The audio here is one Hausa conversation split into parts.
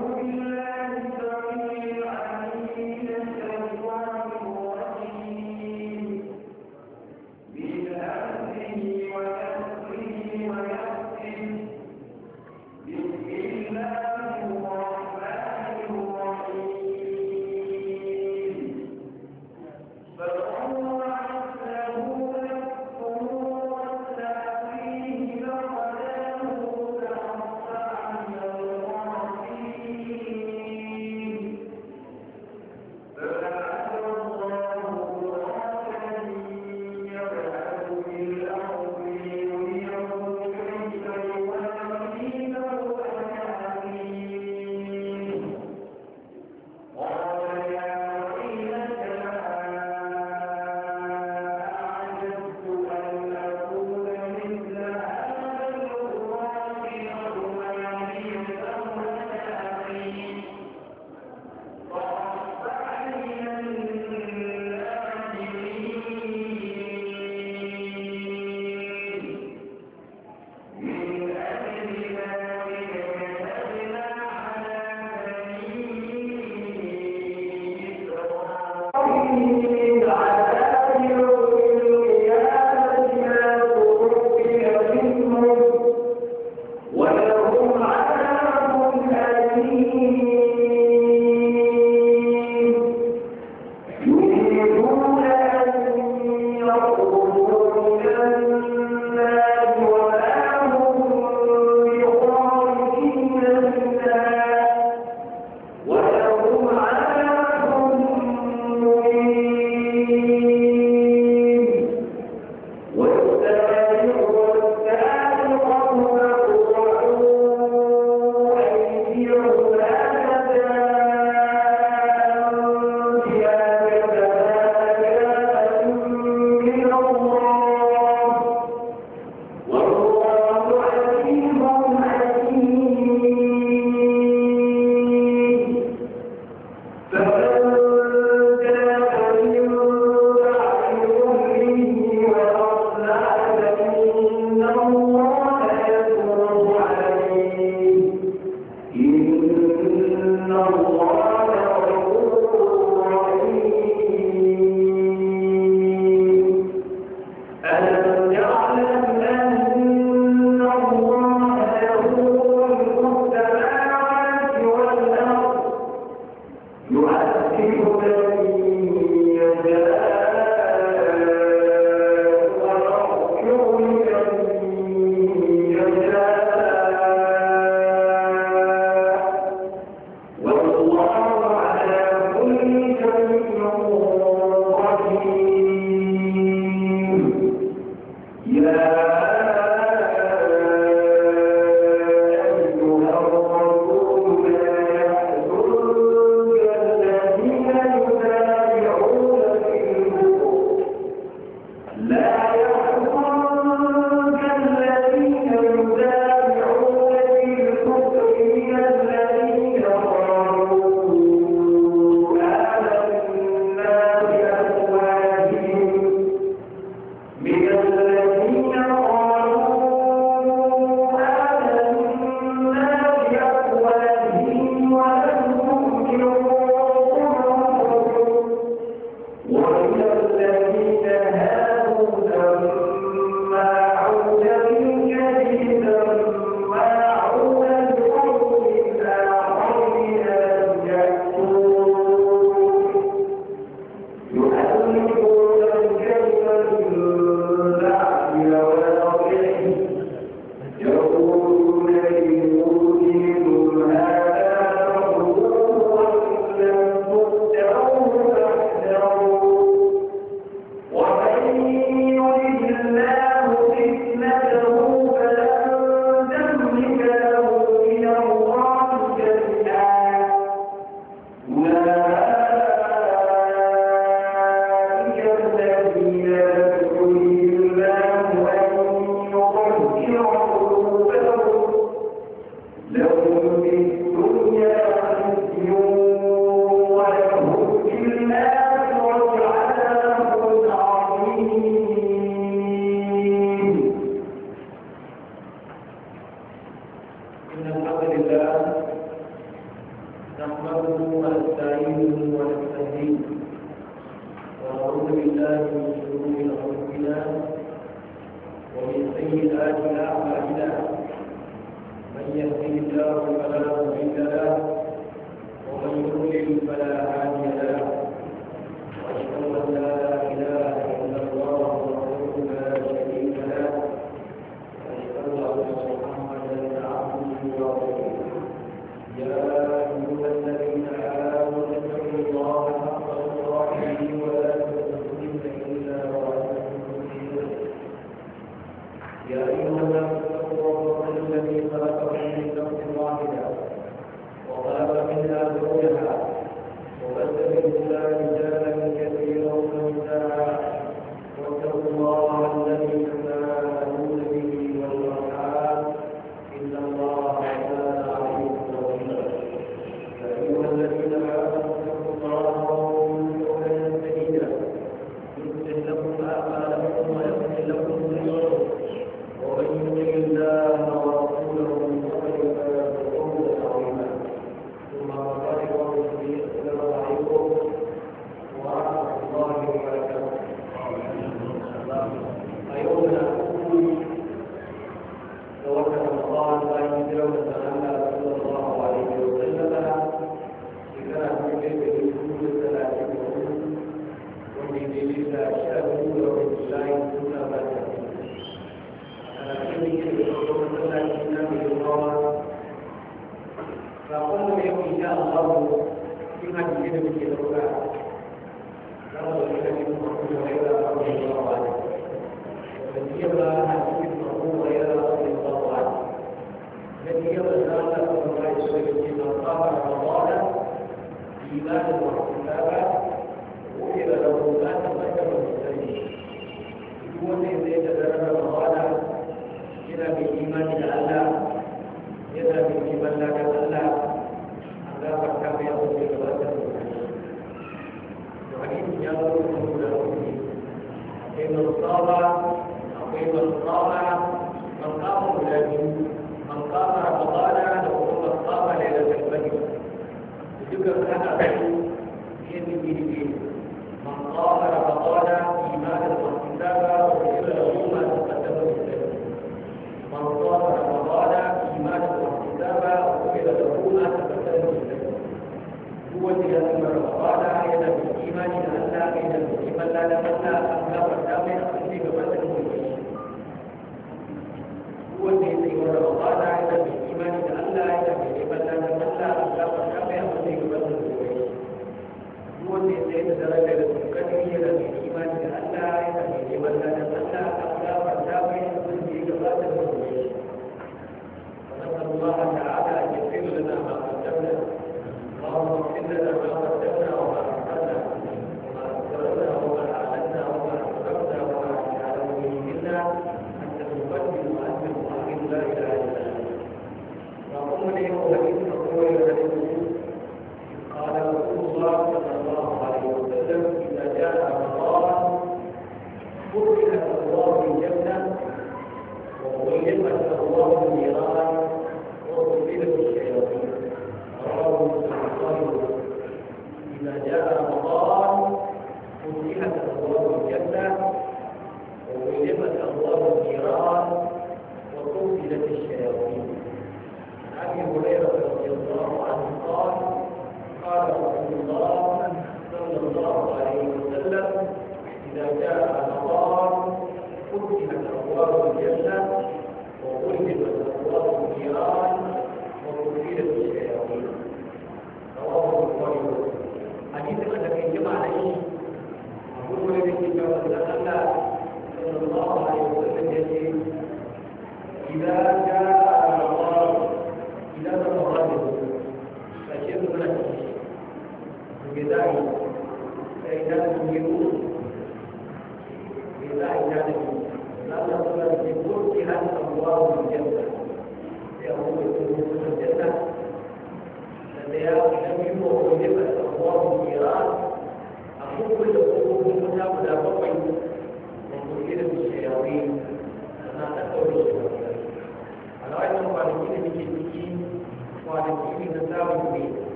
أعوذ بالله يا أيها الناس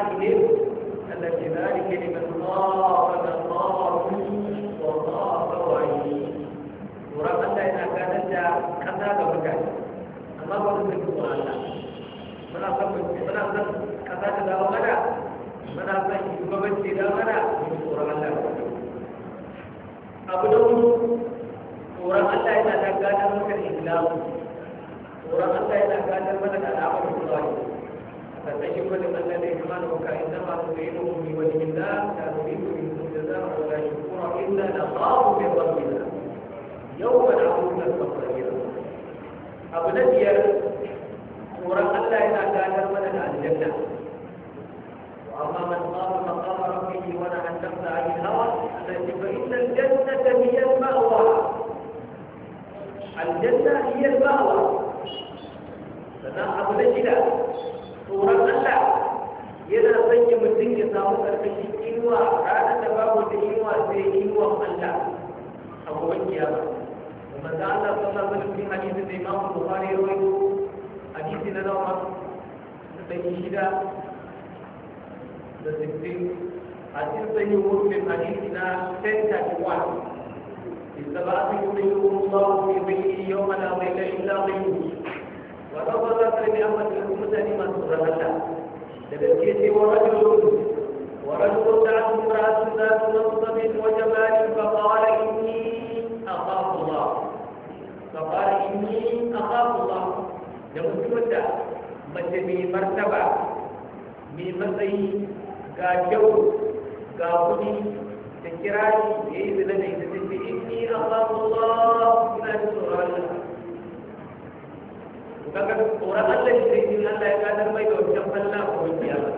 أموالهم التي ذلك لمن خاف مقامه وخاف ورب الله إذا كانت كذاب مكان أما قد تكتب الله muna son muna son kaza ta dawo mana muna son shugabanci da mana mu tsoron Allah abu da hudu tsoron Allah yana da gadar maka da islamu tsoron Allah yana gadar mana da فتجب لمن يحملك انما تريده بوجه الله لا تريد منه جزاء ولا شكور الا نخاف من ربنا يوما عظيما مصيرا abu na biyar tsoron Allah yana gadar mana da aljanna amma man qama maqama rabbih wa nahaa an-nafsa 'ani al-hawa allati fa inna al-jannata hiya al-ma'wa al-janna hiya al-ma'wa sannan abu na shida tsoron Allah yana sanya mutum ya samu karkashin inuwa ranar da babu da inuwa sai inuwa Allah a gobe kiyama kuma da Allah sallallahu alaihi wasallam hadisi da Imam Bukhari rawaito hadisi na nawa da shida da sittin hadisi sai muslim hadisi na 1031 استبعث يضيعه yi في ظله يوم لا ظل الا ظله ولو ظل كلمة أمة الأمة لما تظهرها لبكيت ورجل ورجل دعت امرأة ذات منصب وجمال فقال إني أخاف الله فقال إني أخاف الله لو تمتع mace mai martaba mai matsayi ga kyau ga kudi da kirari da yi zina da ita kaga tsoron Allah shi zai yi Allah ya gadar mai da wancan falla a wani kiyama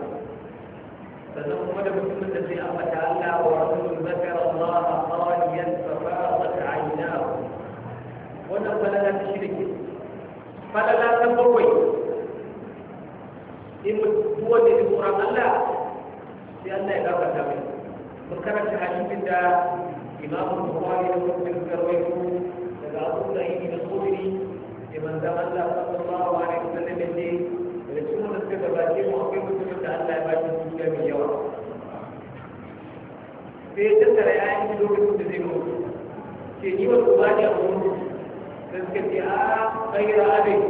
sannan kuma da mutumin da zai ambata Allah wa rasulun zakar Allah a qaliyan fa farat aynahu wannan falala ta shirki falala ta bakwai in mutum wanda ya tsoron Allah sai Allah ya gafarta mai mun karanta hadisin da imamu bukhari da muslim karwaito daga abu sa'id bin khudri ya manzan Allah sallallahu alaihi wasallam ya ce da cikin wanda suka gabace mu akwai mutumin da Allah ya bashi dukiya mai yawa sai ya tattara yayin shi lokacin da zai mutu ke ni ba ku bani a wani da suka ce a tsagira abin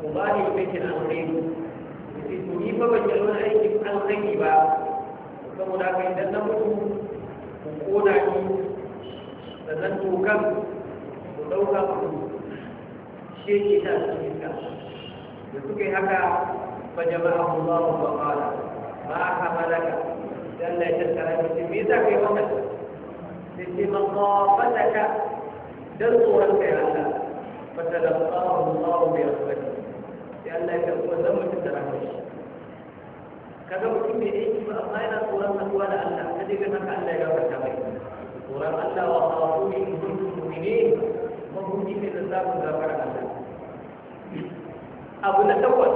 ku bani wa kai kina alkhairi ce to ni ba ban yi wani aikin alkhairi ba saboda haka idan na mutu ku kona ni sannan tokan ku ɗauka ku shi yake ta cikin iska da suka yi haka fa jama'a Allah wa qala ma hamalaka dan la tattara ki me za kai wannan sai ce maqafataka dan tsoron kai Allah fa talaqahu Allah bi rahmatihi sai Allah ya kuma zama tattara shi kaga mutum bai aiki ba amma yana tsoron haduwa da Allah kaje daga haka Allah ya gafarta mai tsoron Allah wa khafu min kuntum mu'minin mahudi ne da zamu gafara Allah abu na takwas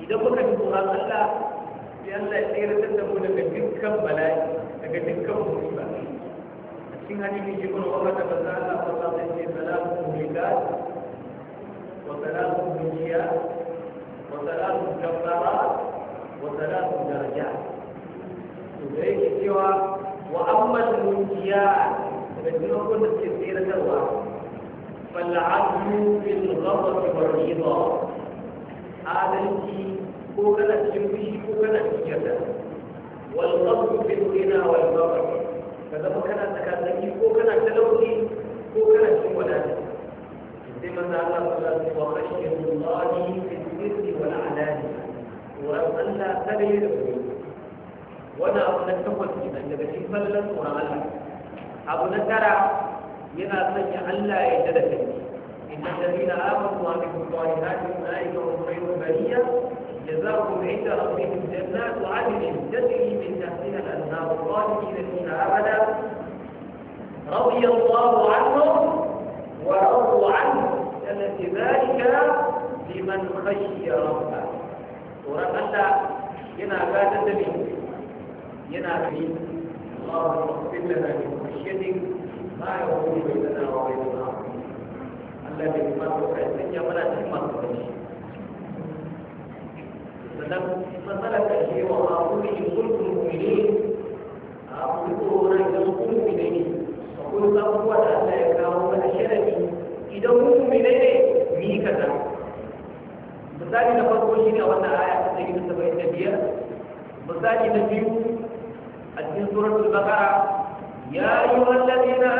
idan muka ji tsoron Allah sai Allah ya tsere da mu daga dukkan bala'i daga dukkan musiba a cikin hadisi shi kuma Umar da manzo Allah sallallahu alaihi wasallam salatu mulikat wa salatu dunya wa salatu kafarat wa salatu darajat to da yake cewa wa amma dunya da dukkan wanda ke tsere da wa فالعدل في الغضب والرضا adalci ko kana cikin fushi ko kana cikin yarda wal qasdu fi dunya wal faqr ka zama kana tsakanin ko kana talauci ko kana cikin wadata sai manzo Allah sallallahu alaihi wa sallam ya ce Allah fi sirri wal alani wa Allah tabayi da ku wannan abu na takwas kenan daga cikin fallan tsoron Allah abu na tara yana sanya Allah ya yarda da kai إن الذين آمنوا وعملوا الصالحات أولئك هم خير البرية جزاؤهم عند ربهم جنات عدن تجري من تحتها الأنهار خالدين فيها أبدا رضي الله عنهم ورضوا عنه كانت ذلك لمن خشي ربه ورب الله ينا فاتت منه ينا فيه اللهم اغفر لنا من خشيتك ما يقول بيننا وبين الله Allah bai kuma kai sanya mana cikin masu kashi sannan matsalar kashi wa ma'amuri in kuntum mu'mini a kuɗo ran da kun mu'mini akwai abubuwa da Allah ya kawo mana sharadi idan kun mu'mini ne ni kaza misali na farko shine wannan aya ta 175 misali na biyu a cikin suratul baqara ya ayyuhal ladina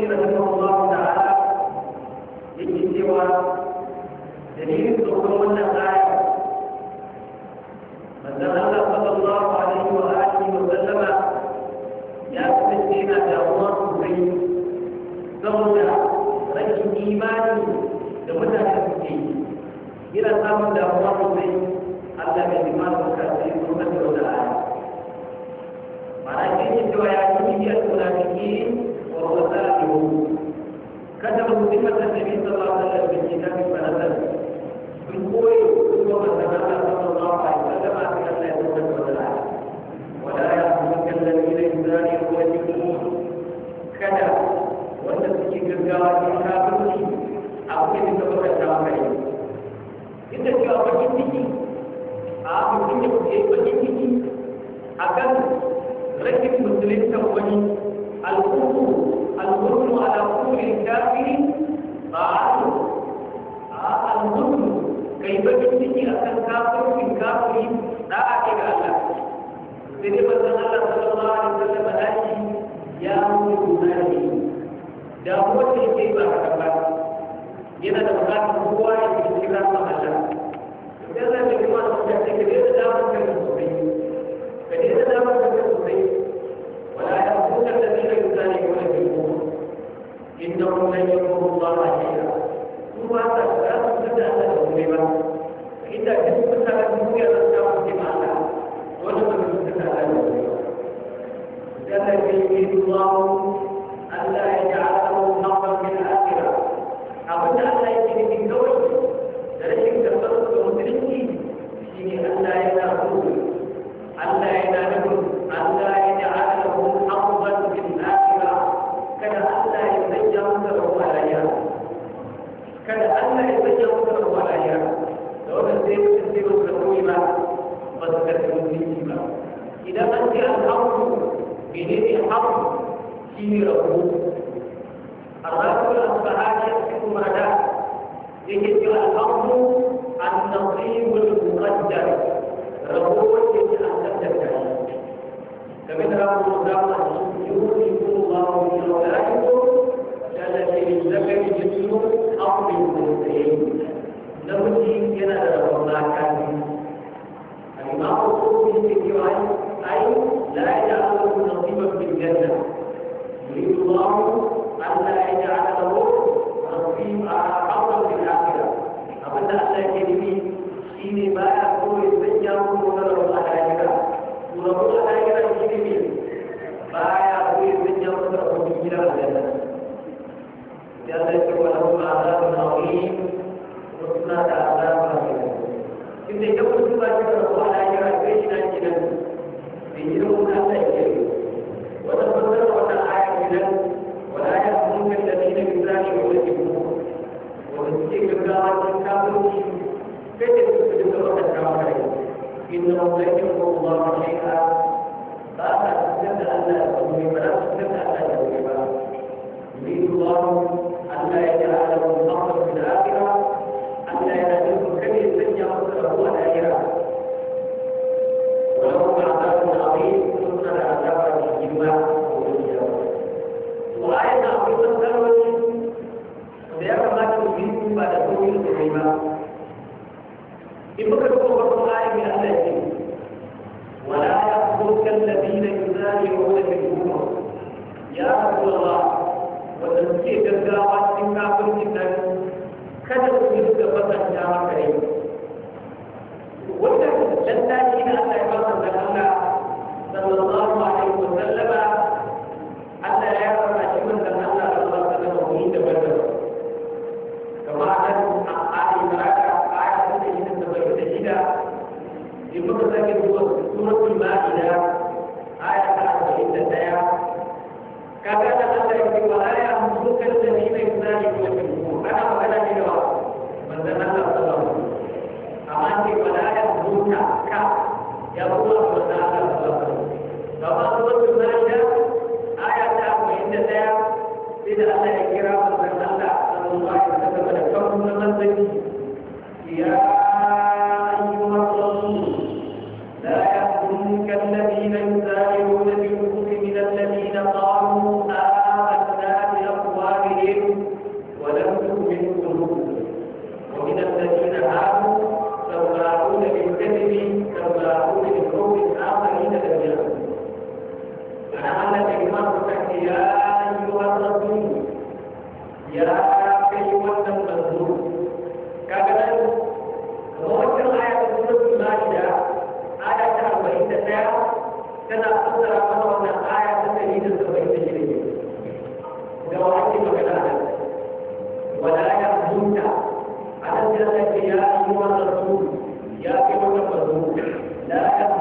كثير رحمه الله تعالى للسوى دليل دخول الآية الله صلى الله عليه وآله وسلم يا رجل إيمان دولة الرجل إلى سامن ummatan nabi sallallahu alaihi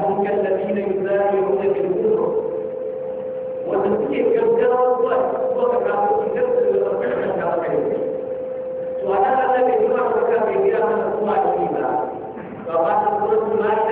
هم كالذين يسارعون في الكفر وتسكيك الجرى الله وتكافر الجرى وتكافر الكافرين وعلى هذا الإجراء وكافر هو عجيبا فقال ما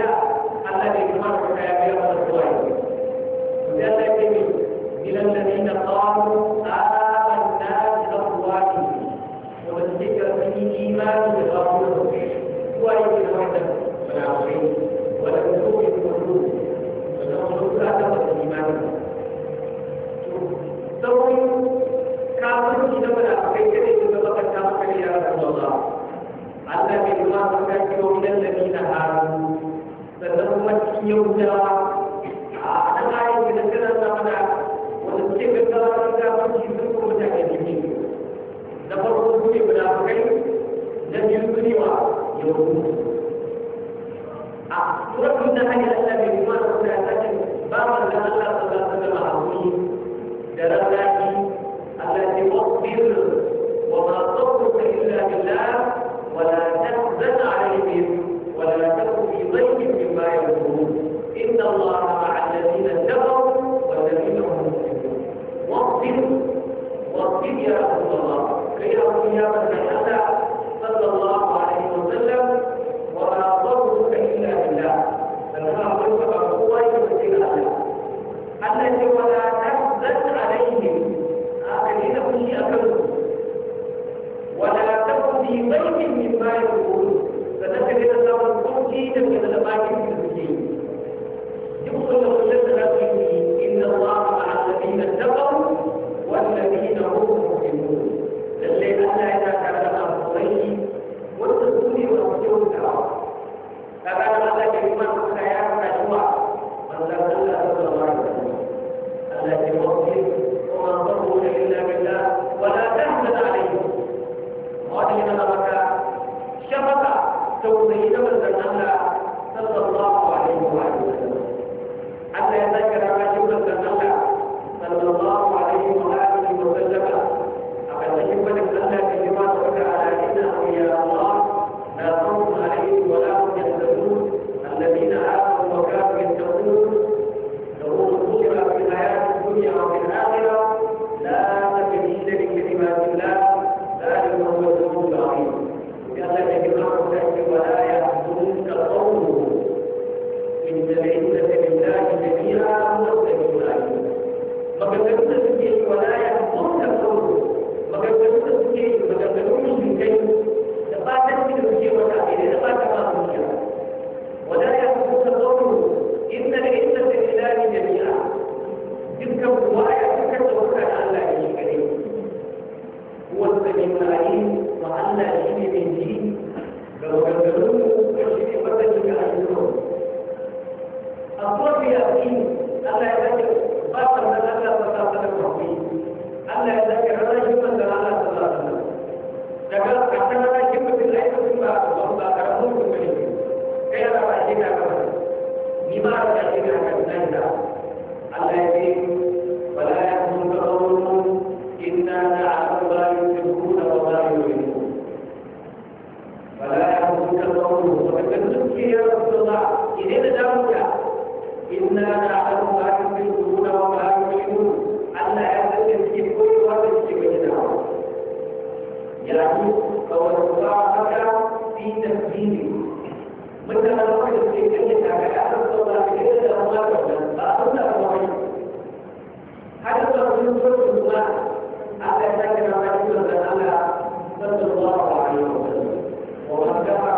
يقولون وكان يا رسول الله إلينا نعلم ما يكذبون وما يكذبون ألا يعلم في كل وقت بيننا يعني فوزعتك في تنفيذه متى نقول في كلمة يا رسول الله إلينا دعوك فأخذنا الوحيد حتى تقول سورة الله ألا يعلم ما يكذبون ألا صلى الله عليه وسلم ومن كفر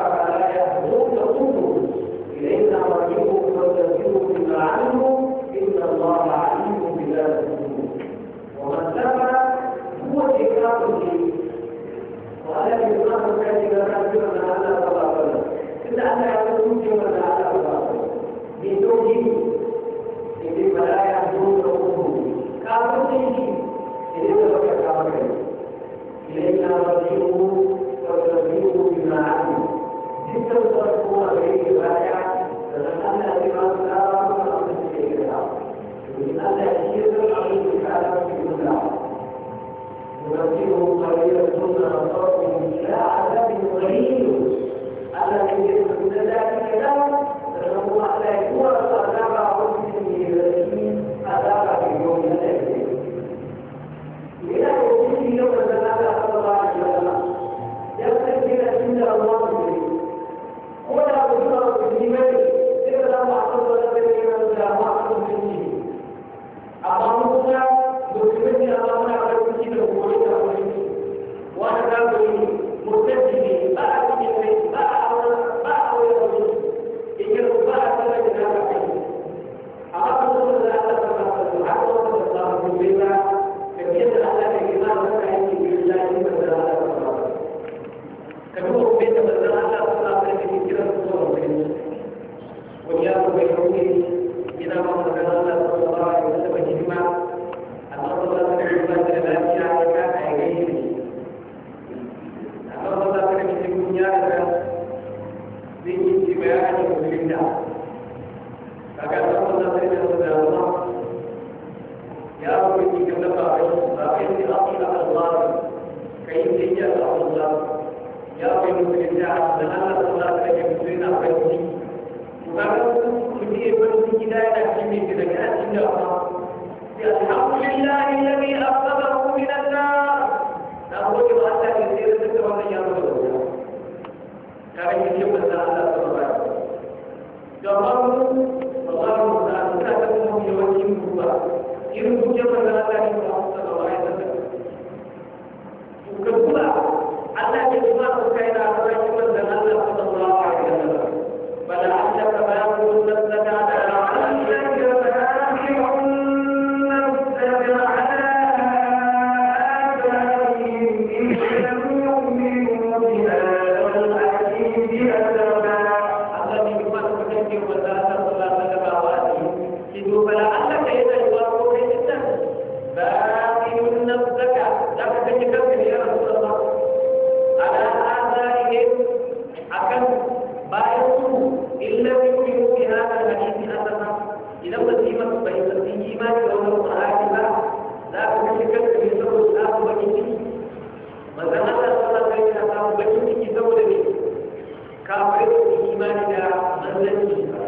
imani da manzanci ba.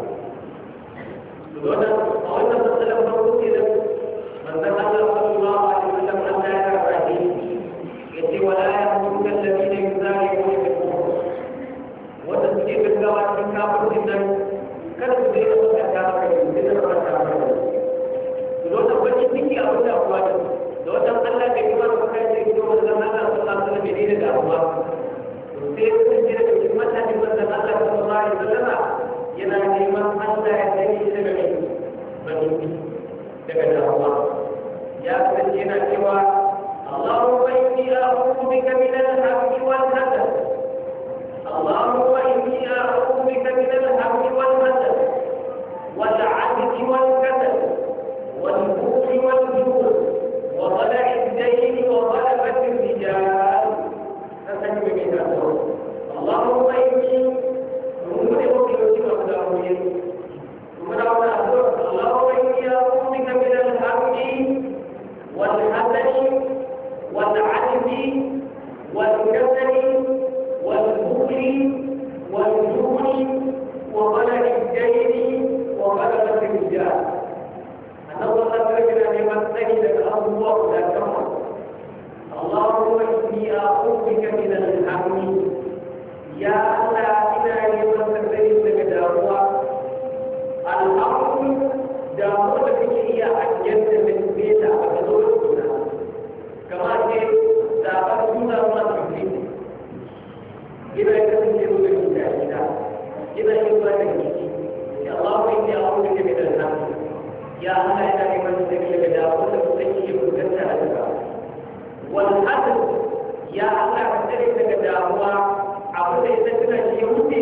ya wuce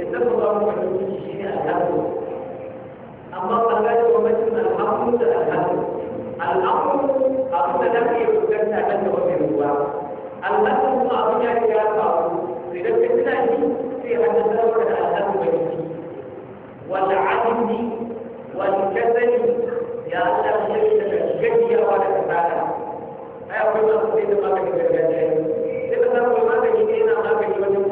ya zama ba mu fahimci shi ne alhamdu amma ɓangaren gwamnatin alhamdu da alhamdu alhamdu abu da zafi ya fuskanta kan da wani ruwa alhamdu kuma abin ya ce ya faru idan ka tuna shi sai a ta zama da alhamdu ba shi wanda adindi wani kasani ya Allah ya yi daga gajiyawa da kasala ai akwai masu sai da maganin gargajiya sai ka samu maganin ne yana maganin wajen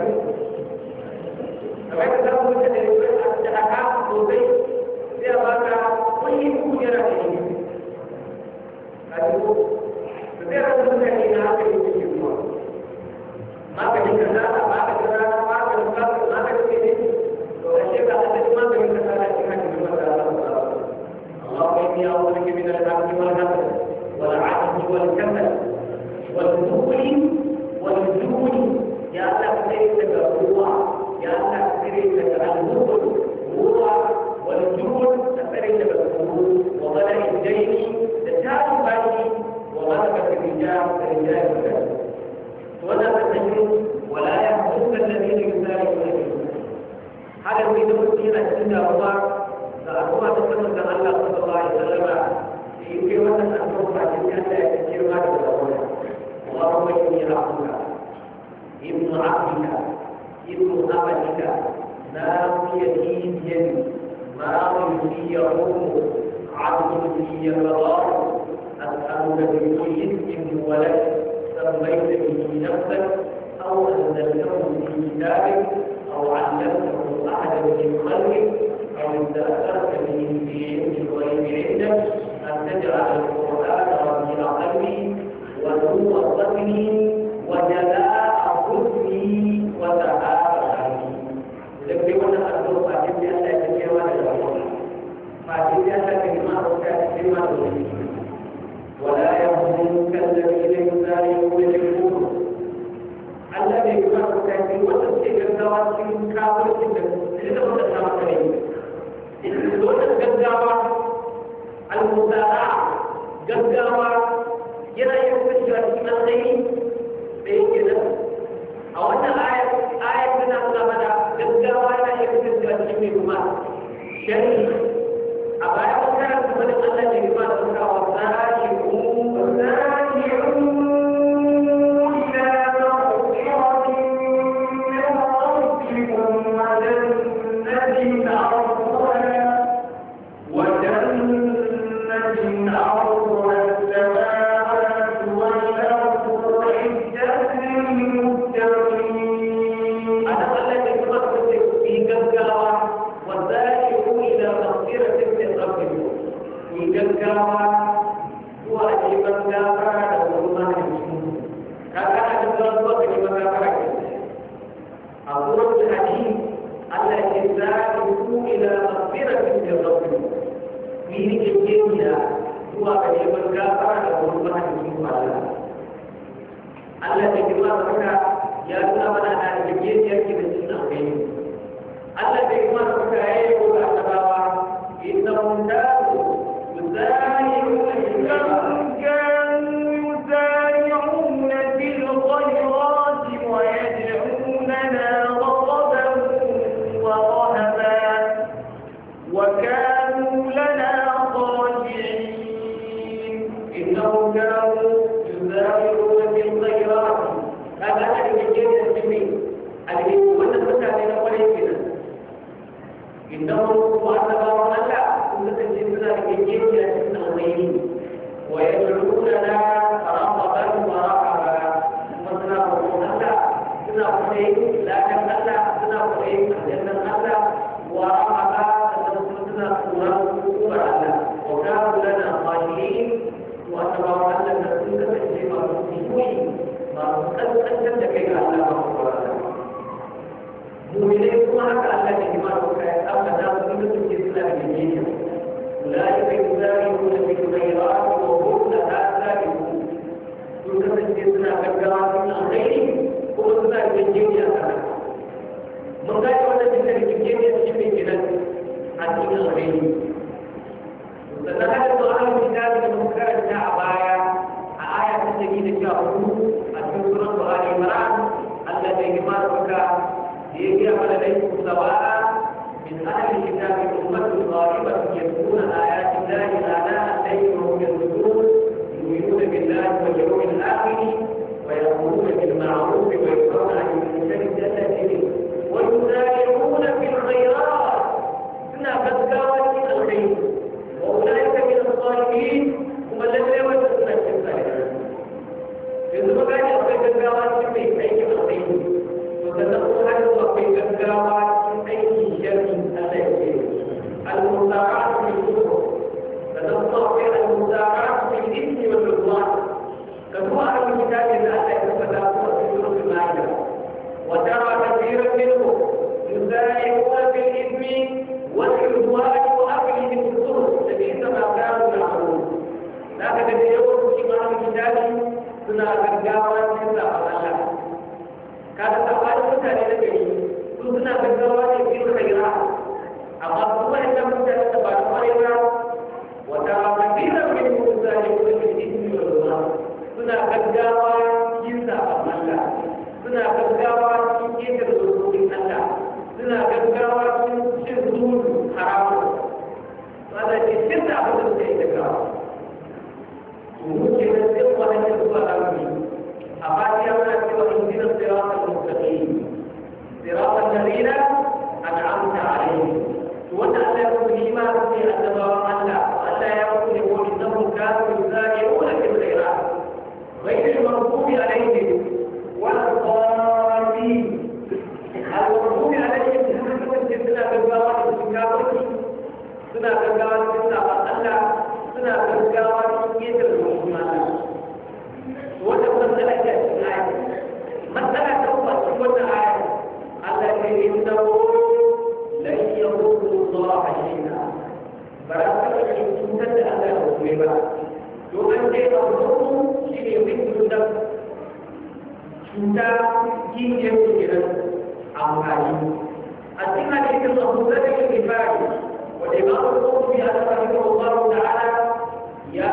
يقول عبد لي يتضار أسألك بكل اسم ولك سميت به نفسك أو أنزلته في كتابك أو علمته أحدا من خلقك أو استأثرت به في علم الغيب عندك أن تجعل القرآن ربي قلبي ونور صدري وجلال ولا يهمك الذين لا يؤمنون الذي يفكر في وتسجيل الزواج من كافر جدا لتتوسع عليه الدولة جدّاوة المسارعة جدّاوة yana yin fitowa cikin matsayi da yake nan a wannan ayat ayat tana nuna mana gaggawa yana yin fitowa cikin mai kuma shari'a a bayan wata da kuma da Allah ne ba da kuma wasa ne kuma Allah da girma da ya nuna mana cuta kingiyar kenan amfani a cikin hadisin abu zai da ke fari wanda ba su kuma ya taɓa yi wa Allah ta'ala ya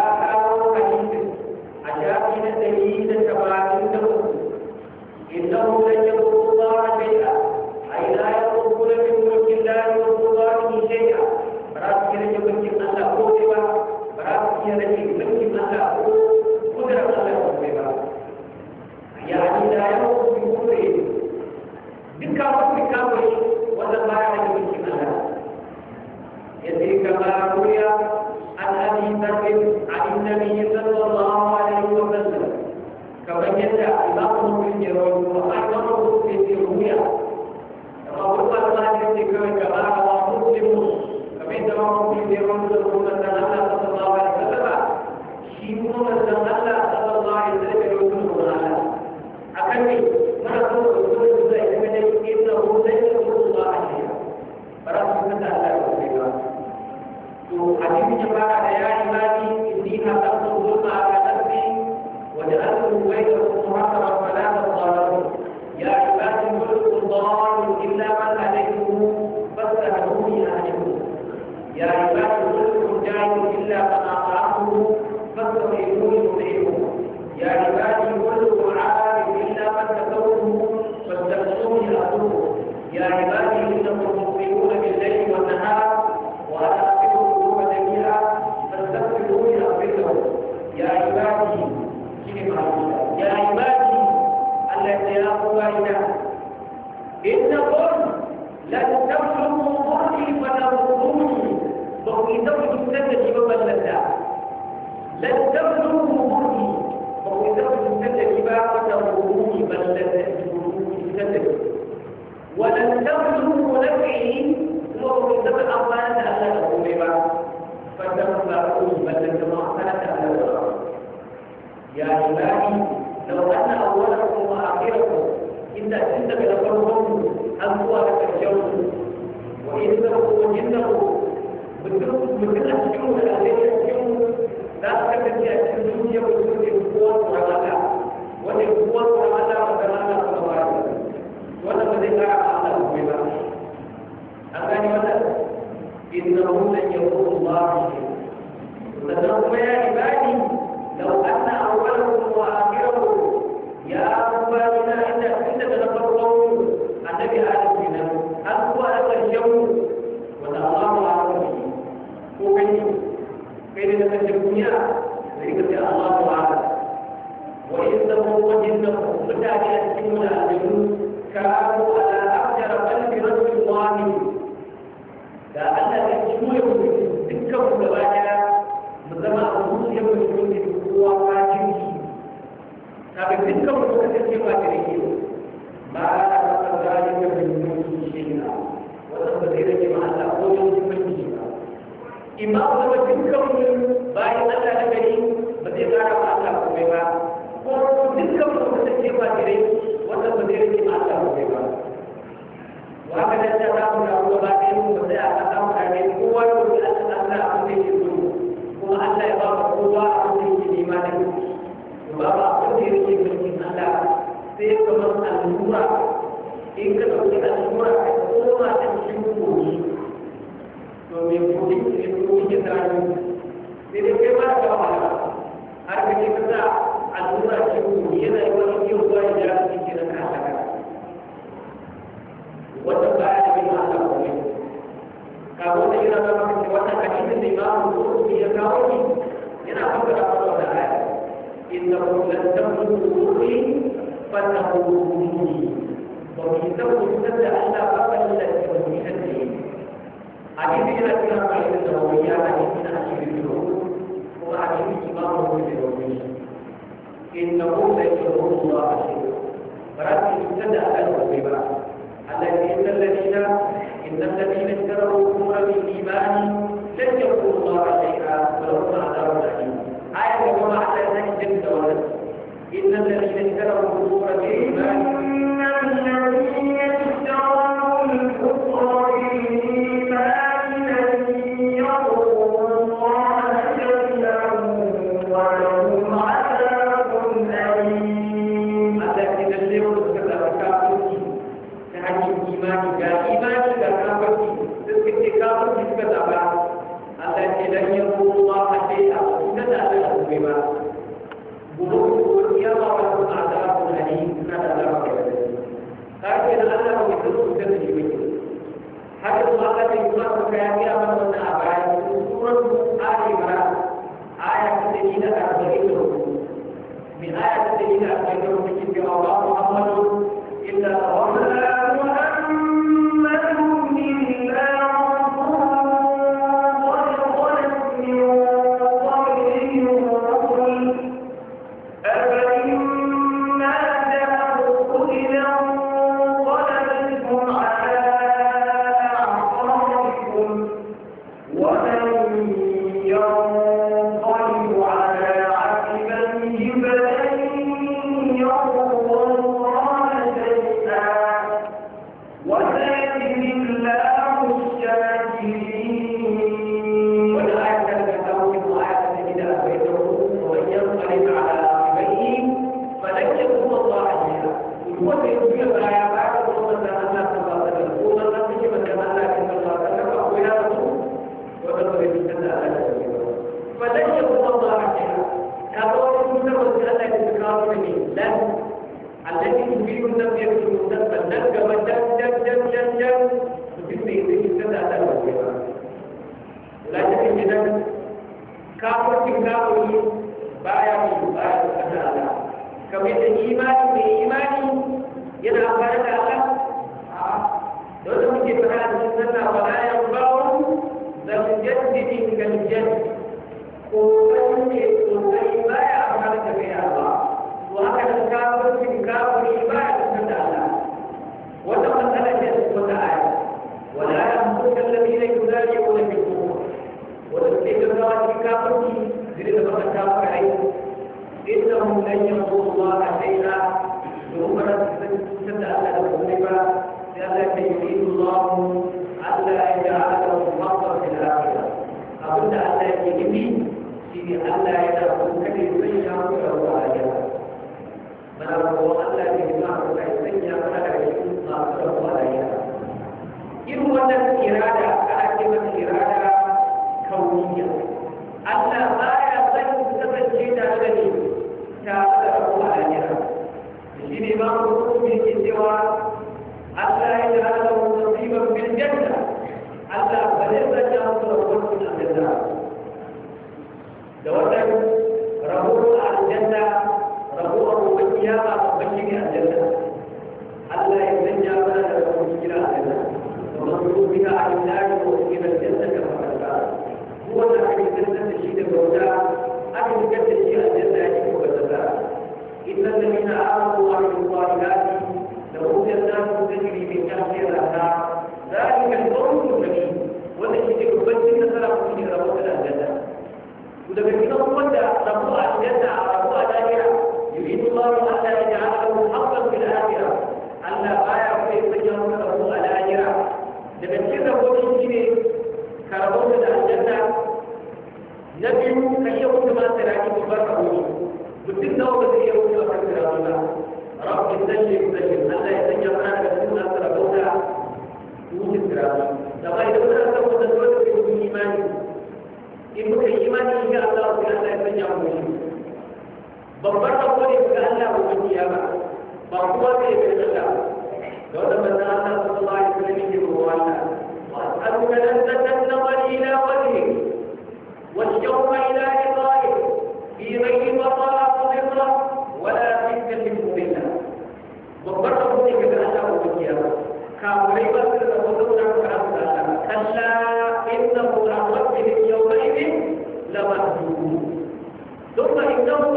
allura in ka ɗauki allura ka koma ta cikin kogi domin kogi ne kogi ke tsari sai dai kai ba ka wahala har ka ke kasa allura cikin kogi yana yi wani yin ruwa ya jira su ke na kasa kasa wannan baya da yin mata kome ka wanda yana zama ka ce wannan hadisin da imamu ko ya kawo ni yana fassara masa wannan aya إنه لن فانه مني وفي زوج سد الا فقل التي وجهته حديث الى كما قيل النووية حديث عشر اليوم هو حديث امامه في اليومية انه الله شيء ولكن سد الا الوظيفة التي ان الذين ان الذين اشتروا الامور بالايمان لن يقولوا الله شيئا ولهم عذاب اليم آية كما على ذلك جدا إن الذين اشتروا الكفر بالإيمان إن الذين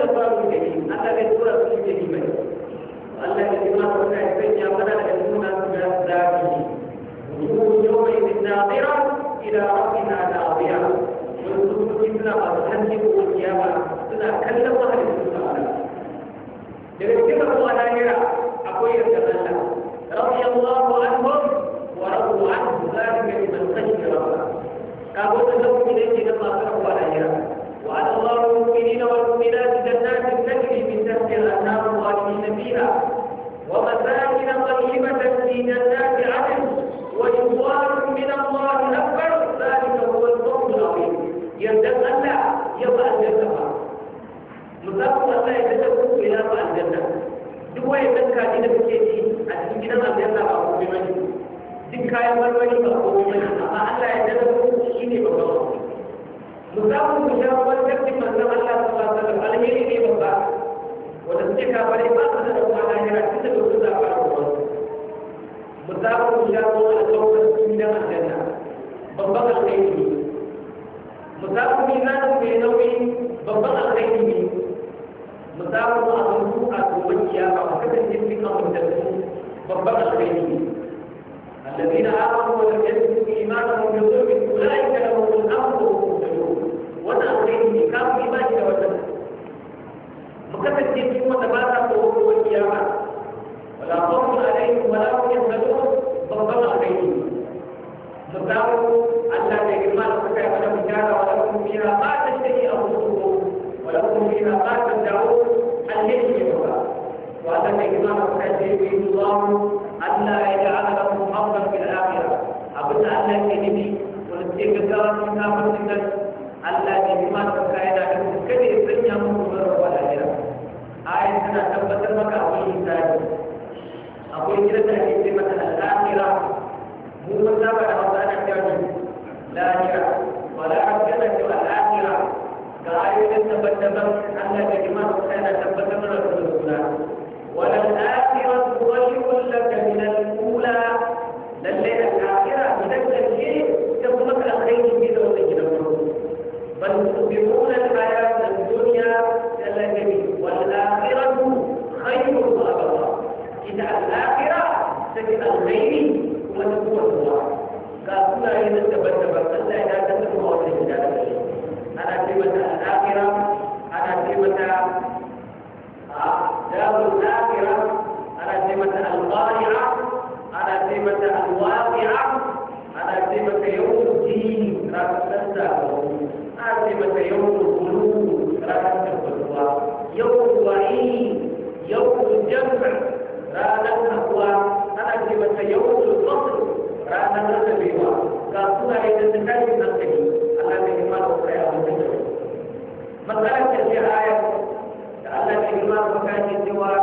da babu da ni tura su da ni bai Allah ya kuma wanda ya sanya da nuna da zabi wujuhu yawma idin nadira ila rabbina ko suna kallon su daga cikin akwai Allah da kuke ji a cikin gidan aljanna ba komai ba ne duk kayan marmari ba komai ba amma Allah ya dada ku shi ne babban abu musamman ku sha wannan cikin manzon Allah sallallahu alaihi wasallam alheri ne babba wanda suke kafare ba su da kuma lahira tun da ba zaɓa da kuma musamman ku sha wannan alƙawarin cikin gidan aljanna babban alheri ne musamman mizanin mai nauyi babban alheri ne ba za mu zo a mutu a gobe الذين آمنوا ولم يلبسوا إيمانهم بظلم أولئك لهم الأمر وهم مهتدون وأنا أريد أن يكافئ إيماني لو وكتب تيمون تبارك وتعالى والقيامة ولا خوف عليهم ولا هم يحزنون ربنا عليهم فدعوا ألا تجمعنا فكيف لهم جعل ولكم فيها ما تشتهي أنفسكم ولهم إذا ما تدعون أن يجلسوها وأن الإمام الحج يريد الله ألا يجعل لهم حظا في الآخرة أقول أن الكذب والاستكثار من أمرك ألا بما تبقى إلى أن كذب الدنيا مقبل والآخرة آية سنة تبتر مكة أقول إنسان أقول كذا تأتي مثلا الآخرة مو مسابقة أو أنا لا جاء ولا عبد daban-daban Allah ya jima da kuma yana tabbatar mana da suna walal akhirat khayrun laka min al-ula lalle al-akhira idan ka ce ta kuma ka alkhairi ne da wannan gidan farko bal tubiquna al-hayat ad-dunya Allah ya jima wal akhiratu khayrun wa abqa ita al-akhira take alkhairi kuma ta kuma zuwa ga sunaye daban-daban Allah ya tabbatar mana da wannan gidan farko ana ce mata al-akhira أقول النافرة على سمة القارعة على سمة الواقعة على سمة يوم الدين رأس على سمة يوم الخلود رأس الخلوة يوم الوعيد يوم الجمع رانا التقوى على سمة يوم الفصل رانا التبيوة كافوها إذا تكلم نفسه الذي ما أخرى مسألة الجهاية الله سوى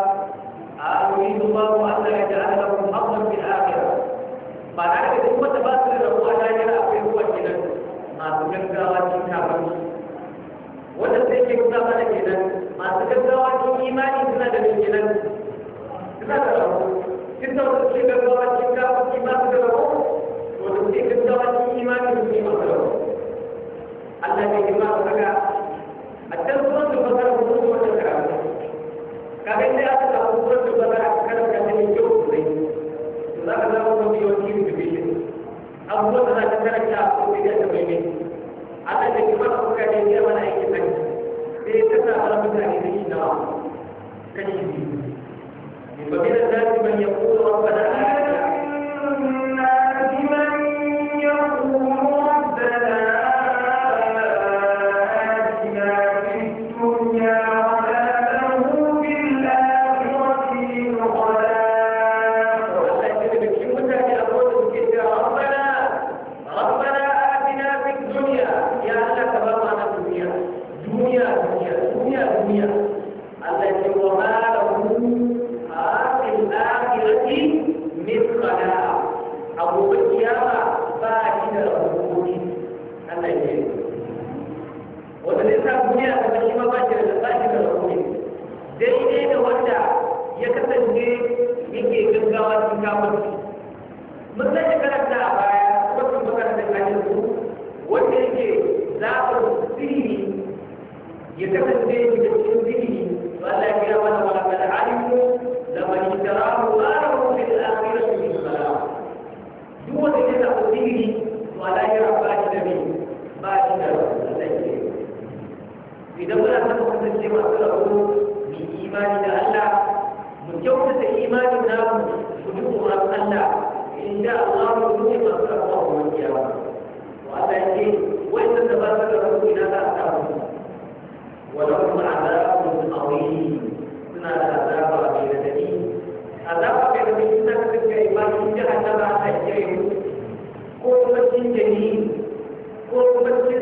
يريد الله أن لا يجعل لهم حظا في الآخرة معناه إذا كنت باسل الرسول لا يرى في هو كذا ما تجدوا كتابا wanda sai ke kusa mana kenan masu gaggawa cikin imani suna da mai kenan suna da rabu duk da wasu ke gaggawa cikin kafin masu da rabu wanda sai gaggawa cikin imani su ne masu rabu Allah ne ke ma su saka a can suwan su fasar hukumar da karatu kaga inda aka samu kuwar da bazara aka karanta ta ne kyau sosai to za ka zama mafi yawanci da bishi abubuwan da za ka karanta a kofi da ta mai a Allah da kima da kuka ne biyar mana aiki sani sai ta sa mana mutane da shi nawa kashi biyu. Babilan zafi kuma yankuru rabbana